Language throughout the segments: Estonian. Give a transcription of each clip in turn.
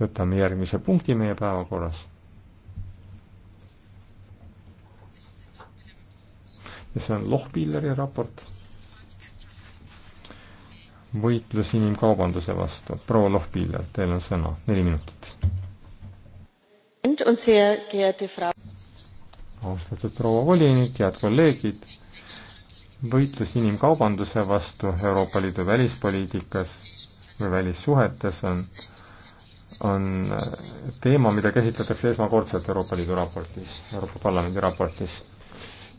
võtame järgmise punkti meie päevakorras. ja see on Lohpilleri raport. võitlus inimkaubanduse vastu. proua Lohpiller, teil on sõna, neli minutit. austatud proua volinik, head kolleegid, võitlus inimkaubanduse vastu Euroopa Liidu välispoliitikas või välissuhetes on on äh, teema, mida käsitletakse esmakordselt Euroopa Liidu raportis, Euroopa Parlamendi raportis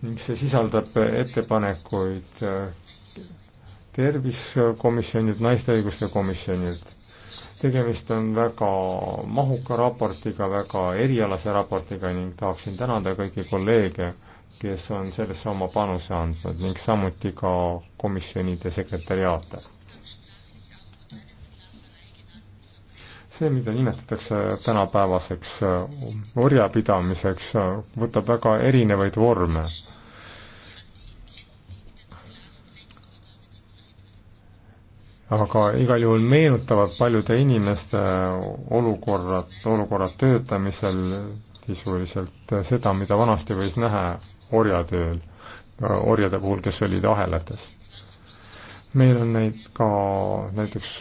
ning see sisaldab äh, ettepanekuid äh, tervisekomisjonilt, naiste õiguste komisjonilt. tegemist on väga mahuka raportiga, väga erialase raportiga ning tahaksin tänada kõiki kolleege, kes on sellesse oma panuse andnud ning samuti ka komisjonide sekretäriaate see, mida nimetatakse tänapäevaseks äh, orjapidamiseks, äh, võtab väga erinevaid vorme. aga igal juhul meenutavad paljude inimeste olukorrad, olukorrad töötamisel sisuliselt seda, mida vanasti võis näha orjatööl, äh, orjade puhul, kes olid ahelates meil on neid ka näiteks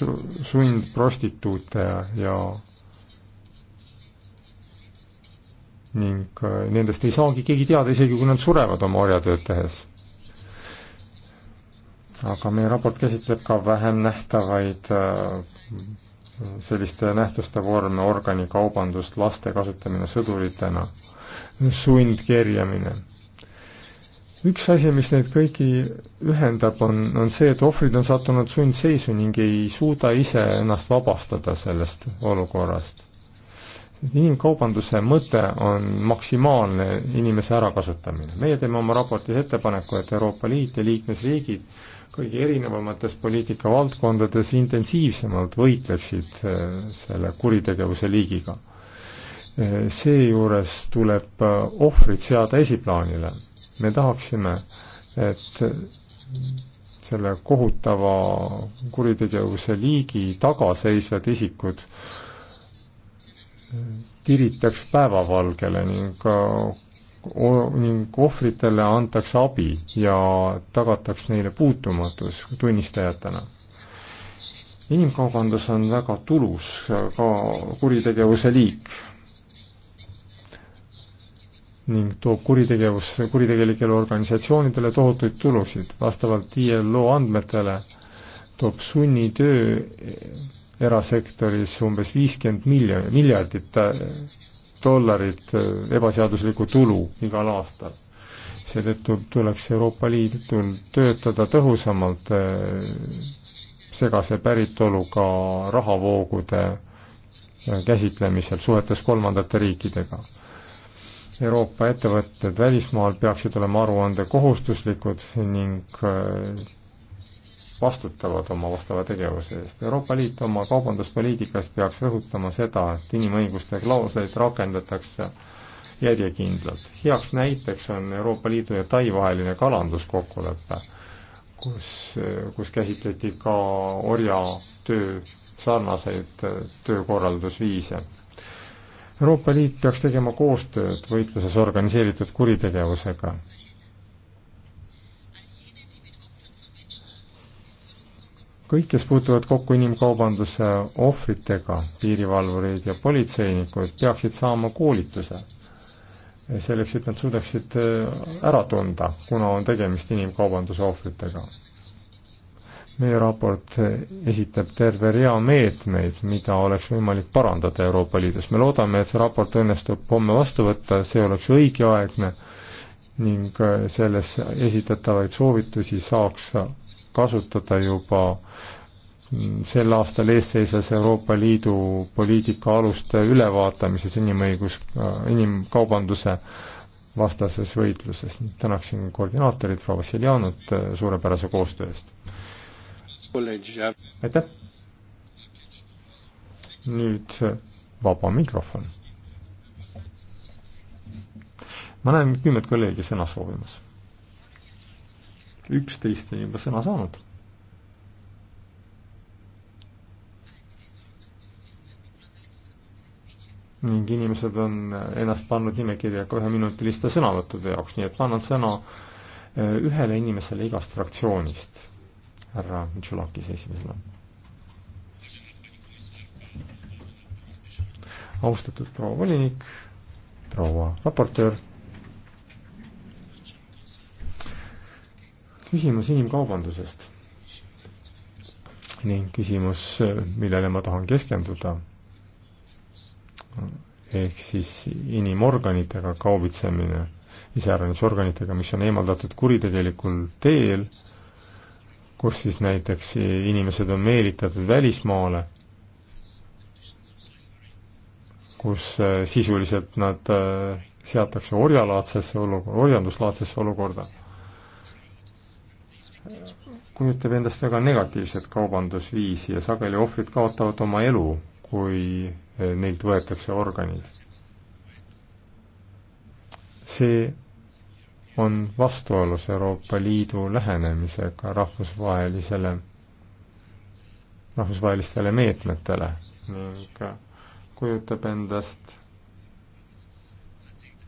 sundprostituute ja, ja ning äh, nendest ei saagi keegi teada, isegi kui nad surevad oma orjatööd tehes. aga meie raport käsitleb ka vähem nähtavaid äh, selliste nähtuste vorme, organikaubandust, laste kasutamine sõduritena, sundkerjamine üks asi, mis neid kõiki ühendab, on, on see, et ohvrid on sattunud sundseisu ning ei suuda ise ennast vabastada sellest olukorrast. inimkaubanduse mõte on maksimaalne inimese ärakasutamine. meie teeme oma raportis ettepaneku, et Euroopa Liit ja liikmesriigid kõige erinevamates poliitikavaldkondades intensiivsemalt võitleksid eh, selle kuritegevuse liigiga. Eh, seejuures tuleb eh, ohvrid seada esiplaanile me tahaksime, et selle kohutava kuritegevuse liigi tagaseisvad isikud tiritaks päevavalgele ning ning ohvritele antakse abi ja tagataks neile puutumatus tunnistajatena. inimkaubandus on väga tulus ka kuritegevuse liik ning toob kuritegevus, kuritegelikele organisatsioonidele tohutuid tulusid. vastavalt ILO andmetele toob sunnitöö erasektoris umbes viiskümmend miljonit, miljardit äh, dollarit äh, ebaseaduslikku tulu igal aastal. seetõttu tuleks Euroopa Liidul töötada tõhusamalt äh, segase päritoluga rahavoogude käsitlemisel suhetes kolmandate riikidega Euroopa ettevõtted välismaal peaksid olema aruandekohustuslikud ning äh, vastutavad oma vastava tegevuse eest. Euroopa Liit oma kaubanduspoliitikas peaks rõhutama seda, et inimõiguste klausleid rakendatakse järjekindlalt. heaks näiteks on Euroopa Liidu ja Tai vaheline kalanduskokkulepe, kus, kus käsitleti ka orjatöö sarnaseid äh, töökorraldusviise Euroopa Liit peaks tegema koostööd võitluses organiseeritud kuritegevusega. kõik, kes puutuvad kokku inimkaubanduse ohvritega, piirivalvurid ja politseinikud, peaksid saama koolituse selleks, et nad suudaksid ära tunda, kuna on tegemist inimkaubanduse ohvritega meie raport esitab terve rea meetmeid, mida oleks võimalik parandada Euroopa Liidus. me loodame, et see raport õnnestub homme vastu võtta, see oleks õigeaegne ning selles esitatavaid soovitusi saaks kasutada juba sel aastal eesseisvas Euroopa Liidu poliitika aluste ülevaatamises inimõigus, inimkaubanduse vastases võitluses. tänaksin koordinaatorit, proua Vassiljanut, suurepärase koostöö eest aitäh! nüüd vaba mikrofon. ma näen kümmet kolleegi sõna soovimas. üksteist on juba sõna saanud. ning inimesed on ennast pannud nimekirja ka üheminutiliste sõnavõttude jaoks, nii et ma annan sõna ühele inimesele igast fraktsioonist härra Tšulakis esimesena. austatud proua volinik, proua raportöör. küsimus inimkaubandusest ning küsimus, millele ma tahan keskenduda, ehk siis inimorganitega kaubitsemine, iseäranisorganitega, mis on eemaldatud kuritegelikul teel äh, kus siis näiteks inimesed on meelitatud välismaale, kus äh, sisuliselt nad äh, seatakse orjalaadsesse olukorda, orjanduslaadsesse olukorda, kujutab endast väga negatiivset kaubandusviisi ja sageli ohvrid kaotavad oma elu, kui äh, neilt võetakse organid. see on vastuolus Euroopa Liidu lähenemisega rahvusvahelisele, rahvusvahelistele meetmetele ning kujutab endast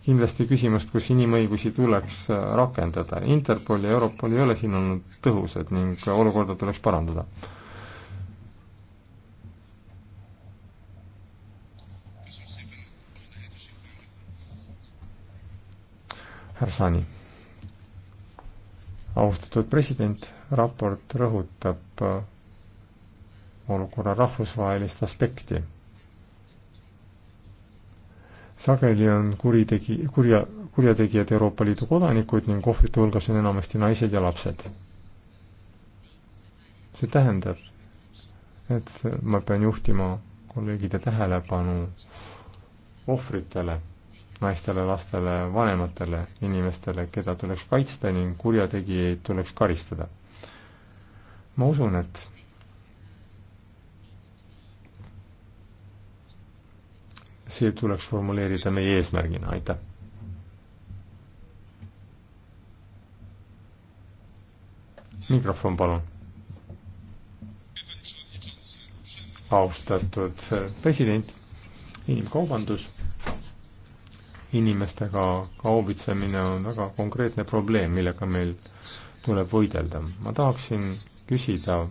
kindlasti küsimust, kus inimõigusi tuleks rakendada. Interpol ja Europol ei ole siin olnud tõhusad ning olukorda tuleks parandada. härra Sani austatud president, raport rõhutab äh, olukorra rahvusvahelist aspekti. sageli on kuritegi, kurja, kurjategijad Euroopa Liidu kodanikud ning ohvrite hulgas on enamasti naised ja lapsed. see tähendab, et ma pean juhtima kolleegide tähelepanu ohvritele naistele, lastele, vanematele inimestele, keda tuleks kaitsta ning kurjategijaid tuleks karistada. ma usun, et see tuleks formuleerida meie eesmärgina, aitäh. mikrofon, palun. austatud president, inimkaubandus inimestega kaubitsemine on väga konkreetne probleem, millega meil tuleb võidelda. ma tahaksin küsida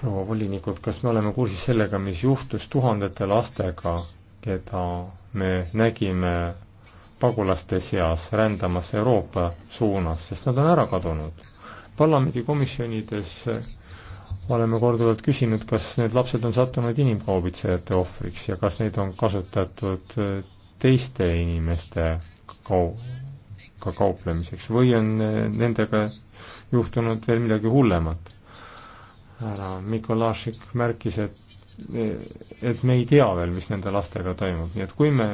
proua volinikult, kas me oleme kursis sellega, mis juhtus tuhandete lastega, keda me nägime pagulaste seas rändamas Euroopa suunas, sest nad on ära kadunud. parlamendikomisjonides oleme korduvalt küsinud, kas need lapsed on sattunud inimkaubitsejate ohvriks ja kas neid on kasutatud teiste inimestega ka kauplemiseks või on nendega juhtunud veel midagi hullemat. härra Mikolašik märkis, et, et me ei tea veel, mis nende lastega toimub, nii et kui me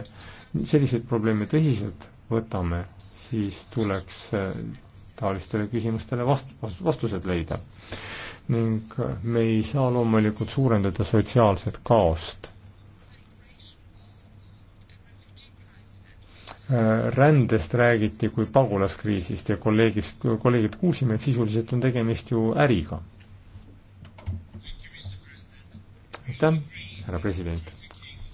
selliseid probleeme tõsiselt võtame, siis tuleks äh, taolistele küsimustele vast-, vastused leida. ning me ei saa loomulikult suurendada sotsiaalset kaost Äh, rändest räägiti kui pagulaskriisist ja kolleegist, kolleegilt kuulsime, et sisuliselt on tegemist ju äriga. aitäh, härra president.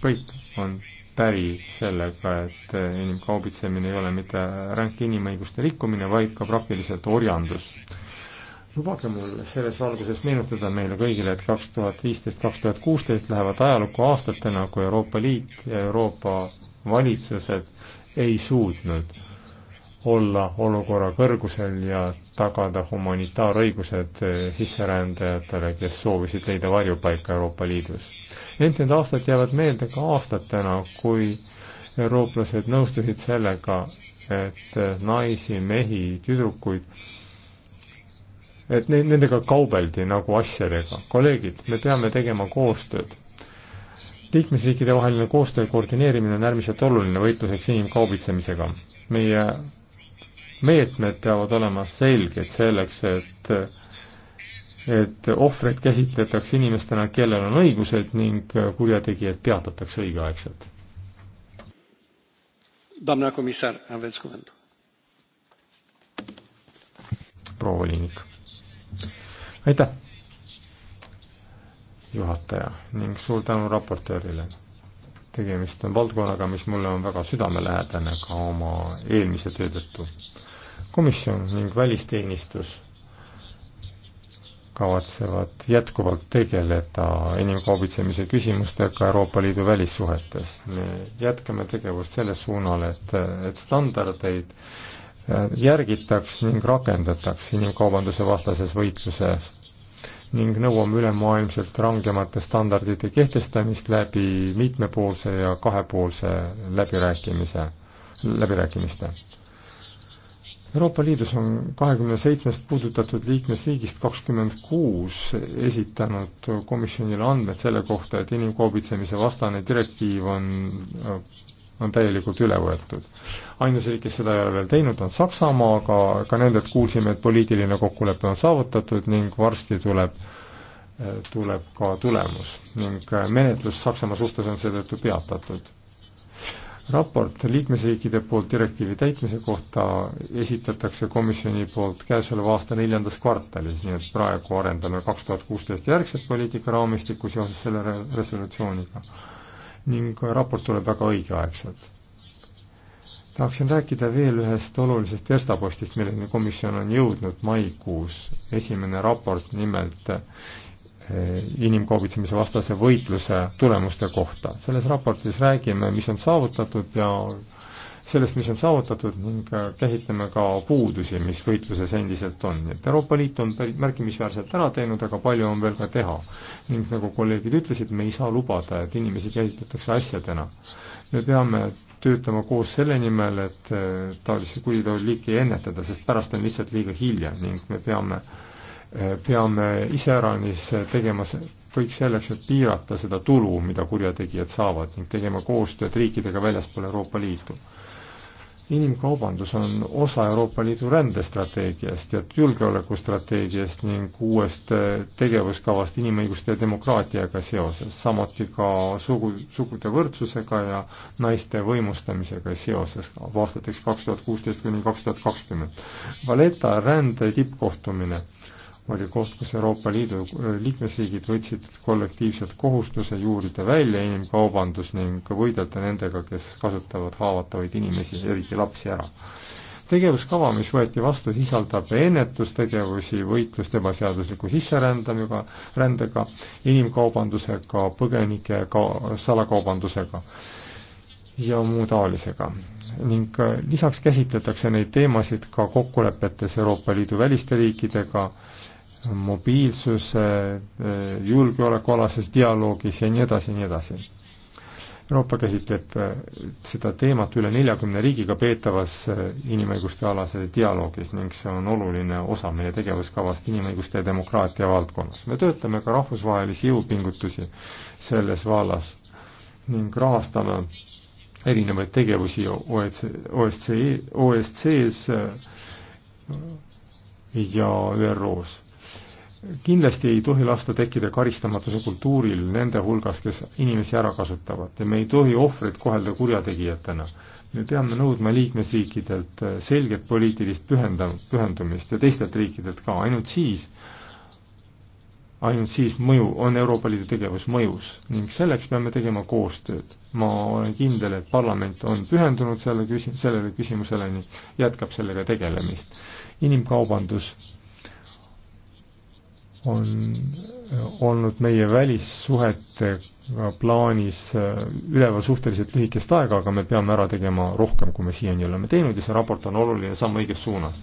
kõik on päri sellega, et äh, inimkaubitsemine ei ole mitte ränk inimõiguste rikkumine, vaid ka praktiliselt orjandus. lubage mul selles valguses meenutada meile kõigile, et kaks tuhat viisteist, kaks tuhat kuusteist lähevad ajalukku aastatena, kui Euroopa Liit ja Euroopa valitsused ei suutnud olla olukorra kõrgusel ja tagada humanitaarõigused sisserändajatele, kes soovisid leida varjupaika Euroopa Liidus. ent need aastad jäävad meelde ka aastatena, kui eurooplased nõustusid sellega, et naisi, mehi, tüdrukuid, et neid, nendega kaubeldi nagu asjadega. kolleegid, me peame tegema koostööd liikmesriikide vaheline koostöö koordineerimine on äärmiselt oluline võitluseks inimkaubitsemisega. meie meetmed peavad olema selged selleks, et et ohvreid käsitletakse inimestena, kellel on õigused ning kurjategijad peatatakse õigeaegselt. proua volinik. aitäh! juhataja ning suur tänu raportöörile. tegemist on valdkonnaga, mis mulle on väga südamelähedane ka oma eelmise töö tõttu. komisjon ning välisteenistus kavatsevad jätkuvalt tegeleda inimkaubitsemise küsimustega Euroopa Liidu välissuhetes. me jätkame tegevust selles suunal, et, et standardeid äh, järgitaks ning rakendataks inimkaubanduse vastases võitluses ning nõuame ülemaailmselt rangemate standardite kehtestamist läbi mitmepoolse ja kahepoolse läbirääkimise, läbirääkimiste. Euroopa Liidus on kahekümne seitsmest puudutatud liikmesriigist kakskümmend kuus esitanud komisjonile andmed selle kohta, et inimkaubitsemise vastane direktiiv on on täielikult üle võetud. ainus riik, kes seda ei ole veel teinud, on Saksamaa, aga ka nendelt kuulsime, et poliitiline kokkulepe on saavutatud ning varsti tuleb tuleb ka tulemus ning menetlus Saksamaa suhtes on seetõttu peatatud. raport liikmesriikide poolt direktiivi täitmise kohta esitatakse komisjoni poolt käesoleva aasta neljandas kvartalis, nii et praegu arendame kaks tuhat kuusteist järgset poliitikaraamistikku seoses selle resolutsiooniga ning raport tuleb väga õigeaegselt. tahaksin rääkida veel ühest olulisest verstapostist, milleni komisjon on jõudnud maikuus. esimene raport nimelt eh, inimkaubitsemise vastase võitluse tulemuste kohta. selles raportis räägime, mis on saavutatud ja sellest, mis on saavutatud ning äh, käsitleme ka puudusi, mis võitluses endiselt on. et Euroopa Liit on märkimisväärselt ära teinud, aga palju on veel ka teha. ning nagu kolleegid ütlesid, me ei saa lubada, et inimesi käsitletakse asjadena. me peame töötama koos selle nimel, et äh, taolisi kuriteoliike ennetada, sest pärast on lihtsalt liiga hilja ning me peame, äh, peame iseäranis tegema kõik selleks, et piirata seda tulu, mida kurjategijad saavad ning tegema koostööd riikidega väljaspool Euroopa Liitu inimkaubandus on osa Euroopa Liidu rändestrateegiast ja julgeolekustrateegiast ning uuest äh, tegevuskavast inimõiguste ja demokraatiaga seoses, samuti ka sugu, sugude võrdsusega ja naiste võimustamisega seoses aastateks kaks tuhat kuusteist kuni kaks tuhat kakskümmend. Valeta rände tippkohtumine oli koht, kus Euroopa Liidu äh, liikmesriigid võtsid kollektiivselt kohustuse juurida välja inimkaubandus ning võidelda nendega, kes kasutavad haavatavaid inimesi, eriti lapsi, ära tegevuskava, mis võeti vastu, sisaldab ennetustegevusi, võitlust ebaseadusliku sisserändamisega, rändega, inimkaubandusega, põgenike ka salakaubandusega ja muu taolisega. ning äh, lisaks käsitletakse neid teemasid ka kokkulepetes Euroopa Liidu väliste riikidega, mobiilsuse, äh, julgeolekualases dialoogis ja nii edasi ja nii edasi. Euroopa käsitleb äh, seda teemat üle neljakümne riigiga peetavas inimõiguste alases dialoogis ning see on oluline osa meie tegevuskavast inimõiguste ja demokraatia valdkonnas. me töötame ka rahvusvahelisi jõupingutusi selles vallas ning rahastame erinevaid tegevusi OSCE, e OSCE-s ja ÜRO-s kindlasti ei tohi lasta tekkida karistamatuse kultuuril nende hulgas, kes inimesi ära kasutavad ja me ei tohi ohvreid kohelda kurjategijatena. me peame nõudma liikmesriikidelt selget poliitilist pühendam-, pühendumist ja teistelt riikidelt ka, ainult siis ainult siis mõju, on Euroopa Liidu tegevus mõjus ning selleks peame tegema koostööd. ma olen kindel, et parlament on pühendunud selle küsi-, sellele küsimusele ning jätkab sellega tegelemist. inimkaubandus on olnud meie välissuhete plaanis äh, üleval suhteliselt lühikest aega, aga me peame ära tegema rohkem, kui me siiani oleme teinud ja see raport on oluline samm õiges suunas.